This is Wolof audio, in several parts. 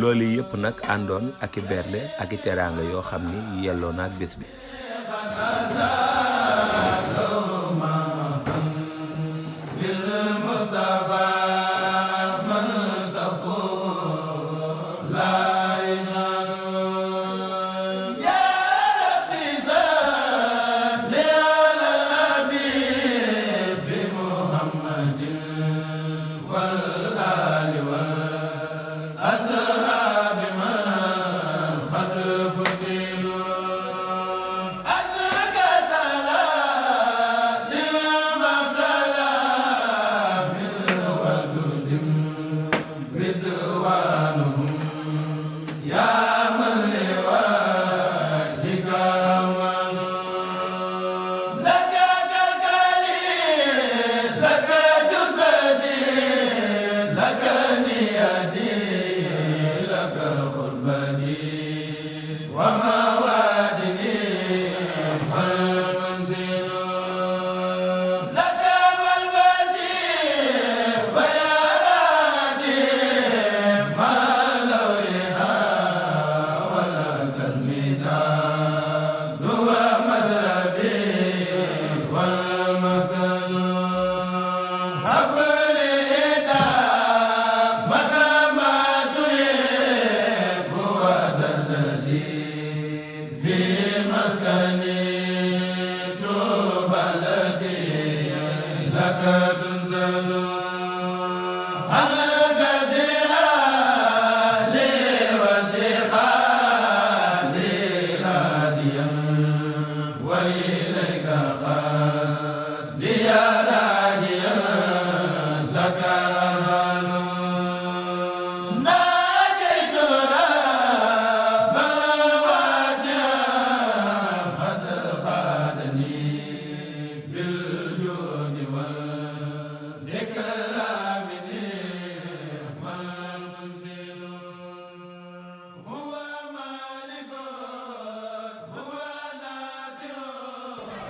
loolu yépp nak àndoon ak i berle ak i teraanga yoo xam ni yelloo na ak bés bi Hasan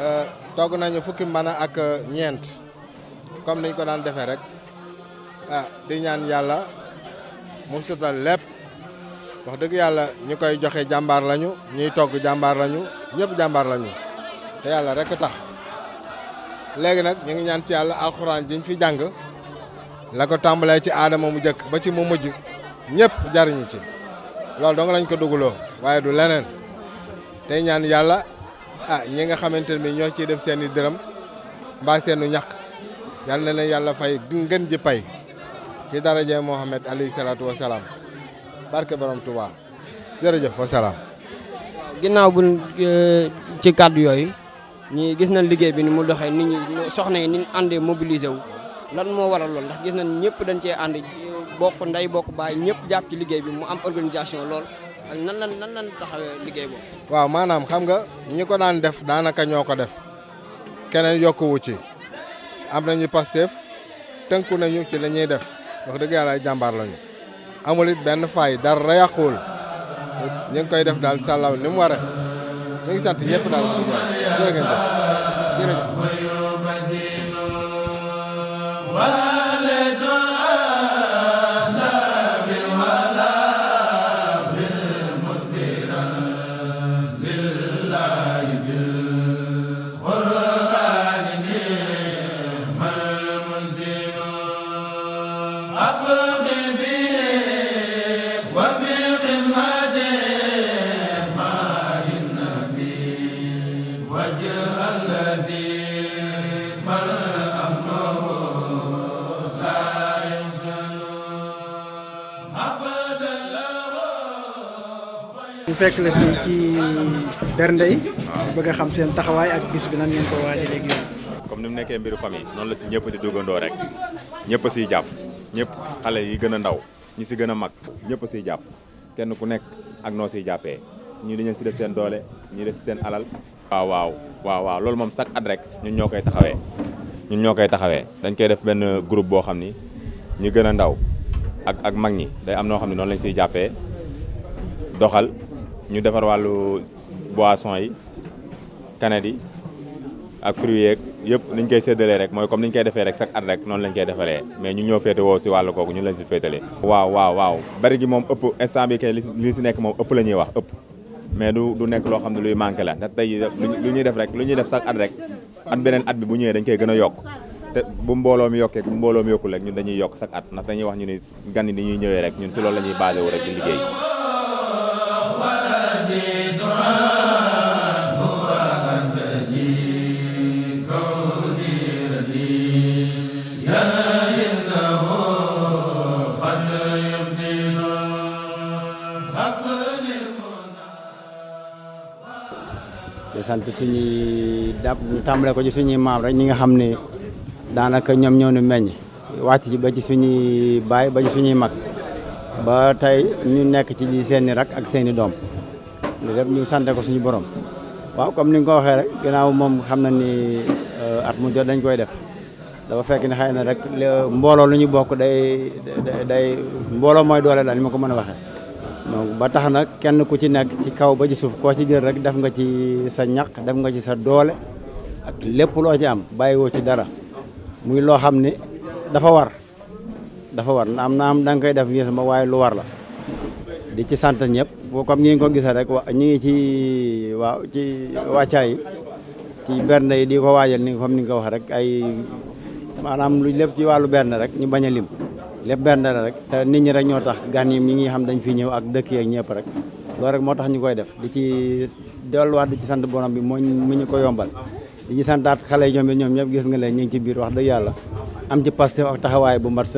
Euh, togg nañu fukki mën ak euh, ñeent comme niñ ko daan defee rek ah di ñaan yàlla mu sutal lépp wax dëgg yàlla ñu koy joxe jàmbaar lañu ñuy togg jàmbaar lañu ñëpp jàmbaar lañu te yàlla rek tax léegi nag ñu ngi ñaan ci yàlla alxuraan jiñ fi jàng la ko tàmbalee ci aadama mu jëkk ba ci mu mujj ñëpp jariñu ci loolu dong lañ ko dugaloo du leneen tey ñaan yàlla. ah ñi nga xamante ne ñoo ciy def seen i dërëm mbaa seenu ñaq yal na leen yàlla fay ngën ji pay ci daraje Mohamed alayhi salaatu wa salaam barke borom Touba jërëjëf wa salaam. ginnaaw bu euh, ci kàddu yooyu ñi gis nañ liggéey bi ni mu doxee ni ñi soxna yi ni ñu àndee mobilisé wu lan moo waral lool ndax gis na ñëpp dañ cee ànd bokk ndey bokk baay ñëpp jàpp ci liggéey bi mu am organisation lool. ak nan lan nan lan liggéey bo waaw maanaam xam nga ñi ko daan def daanaka ñoo ko def keneen yokkuwu ci am nañu Pastef tënku nañu ci la def wax dëgg yàlla ay jàmbaar lañu amul it benn faay dara yàquwul ñu ngi koy def daal sàllaw ni mu waree ñu sant ñëpp daal di jërë ngeen def fekk la fii ci bernde yi bëgg a xam seen taxawaay ak bis bi nan ngeen ko waaje léegi comme ni mu nekkee mbiru famille noonu la si ñëpp di duggandoo rek ñëpp siy jàpp ñëpp xale yi gën a ndaw ñi si gën a mag ñëpp siy jàpp kenn ku nekk ak noo siy jàppee ñii dañu si def seen doole ñii def si seen alal waaw waaw waaw waaw loolu moom chaque at rek ñun ñoo koy taxawee ñun ñoo koy taxawee dañ koy def benn groupe boo xam ni ñi gën a ndaw ak ak mag ñi day am noo xam ne noonu lañ siy jàppee doxal ñu defar wàllu boisson yi canettes yi ak fruits yeeg yëpp niñ koy séddalee rek mooy comme niñ koy defee rek chaque at rek noonu lañ koy defaree mais ñu ñoo féete woo si wàllu kooku ñu lañ si féetalee. waaw waaw waaw bari gi moom ëpp instant bi kay li si nekk moom ëpp la ñuy wax ëpp mais du nekk loo xam ne luy manqué la ndax lu ñuy def rek lu ñuy def chaque at rek at beneen at bi bu ñëwee dañ koy gën a yokk te bu mbooloo mi yokkee bu mbooloo mi yokkul rek ñun dañuy yokk sa at ndax dañuy wax ñu ni gan ñëwee rek ñun si loolu la ñuy basé sant suñuy da tàmbale ko ci suñuy maam rek ñi nga xam ne daanaka ñoom ñoo nu meññ wàcc ba ci suñuy baay ba ci suñuy mag ba tey ñu nekk ci seeni rak ak seeni doom li lépp ñu sante ko suñu borom waaw comme ni nga ko waxee rek ginnaaw moom xam na ni euh, at mu jot dañ koy def dafa fekk ni xëy na rek mbooloo lu ñu bokk day day mbooloo mooy doole daal ni ma ko mën a waxee donc ba tax na kenn ku ci nekk ci kaw ba ci suuf koo ci jël rek def nga ci sa ñaq def nga ci sa doole ak lépp loo ci am bàyyiwoo ci dara muy loo xam ni dafa war dafa war na am na am da koy def ngir sama waaye lu war la di ci sant ñëpp boo comme ñu ngi ko gisee rek wa ñu ngi ci waaw ci wàccaa yi ci bernde yi di ko waajal ni comme ni nga ko wax rek ay maanaam lu lépp ci wàllu bernde rek ñu bañ a lim lépp bernde la rek te nit ñi rek ñoo tax gan yi ñi ngi xam dañ fi ñëw ak dëkk yee ñëpp rek loolu rek moo tax ñu koy def di ci delluwaat di ci sant borom bi moo mu ñu ko yombal di ci santaat xale yi ñoom it ñoom ñëpp gis nga leen ñu ci biir wax dëgg yàlla am ci paste ak taxawaay bu mat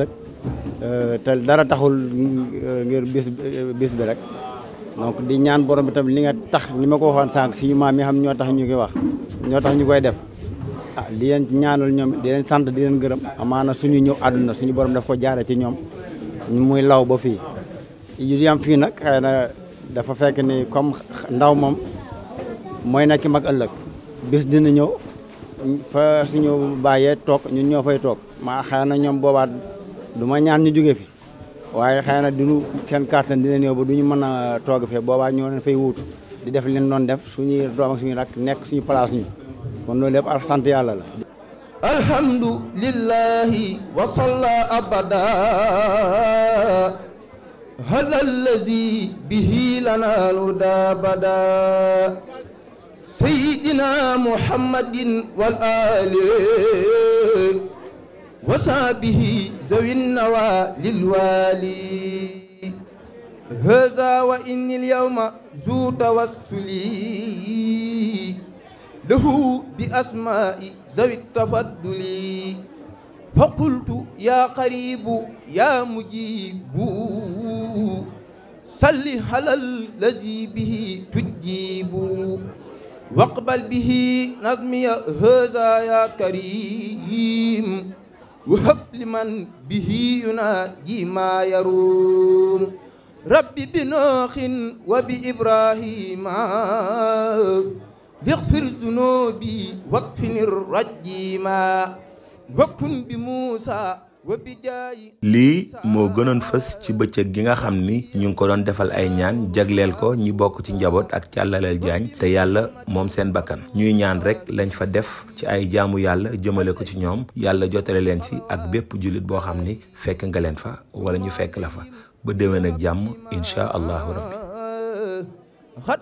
Euh, te dara taxul ngir bis bi rek donc di ñaan borom bi tamit li nga tax li ma ko waxoon sànq suñu maam yi xam ñoo tax ñu koy wax ñoo tax ñu koy def ah di leen ñaanal ñoom di leen sant di leen gërëm amaana suñu ñëw àdduna suñu borom daf ko jaare ci ñoom muy law ba fii yam fii nag xëy na dafa fekk ni comme ndaw moom mooy nekk mag ëllëg bis dina ñëw fa suñu bàyyee toog ñu ñoo fay toog maa xëy na ñoom boobaat du ma ñaan ñi jóge fi waaye xëy na duñu seen le dina ñëw ba duñu mën a toog fee boobaa ñoo leen fay wuutu di def leen doon def suñuy doom ak suñuy nekk suñu place ñu kon loolu lépp al sant yàlla la alhamdulillahi wa salla abada halallazi bihi lana luda bada sayyidina muhammadin wal ali وصحبه ذوي النوى للوالي هذا وإني اليوم ذو توسلي له بأسماء ذوي التفضل فقلت يا قريب يا مجيب صل على الذي به تجيب واقبل به نظمي هذا يا كريم وهب لمن به يناجي ما يروم ربي بنوخ وبإبراهيم اغفر ذنوبي واكفني الرجيما وكن بموسى lii moo gënoon fës ci bëccëg gi nga xam ni ñu ngi ko doon defal ay ñaan jagleel ko ñi bokk ci njaboot ak càllaleel jaañ te yàlla moom seen bakkan ñuy ñaan rek lañ fa def ci ay jaamu yàlla jëmale ko ci ñoom yàlla jotale leen si ak bépp jullit boo xam ni fekk nga leen fa wala ñu fekk la fa ba demee nag jàmm insha allahu rabbi xat